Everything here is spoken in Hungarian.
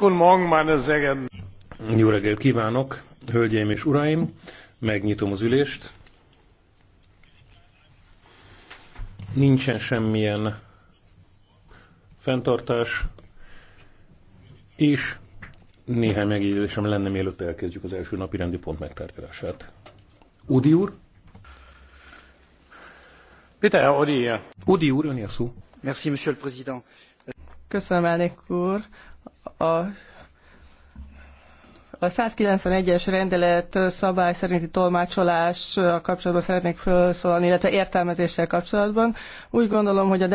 Guten Morgen, meine sehr geehrten. Jó reggelt kívánok, hölgyeim és uraim! Megnyitom az ülést. Nincsen semmilyen fenntartás, és néhány megjegyzésem lenne, mielőtt elkezdjük az első napi rendi pont megtárgyalását. Udi úr? Peter, Udi. Udi úr, ön a szó. Merci, monsieur le président. Köszönöm, elnök úr a a 191-es rendelet szabály szerinti tolmácsolás kapcsolatban szeretnék felszólalni, illetve értelmezéssel kapcsolatban. Úgy gondolom, hogy a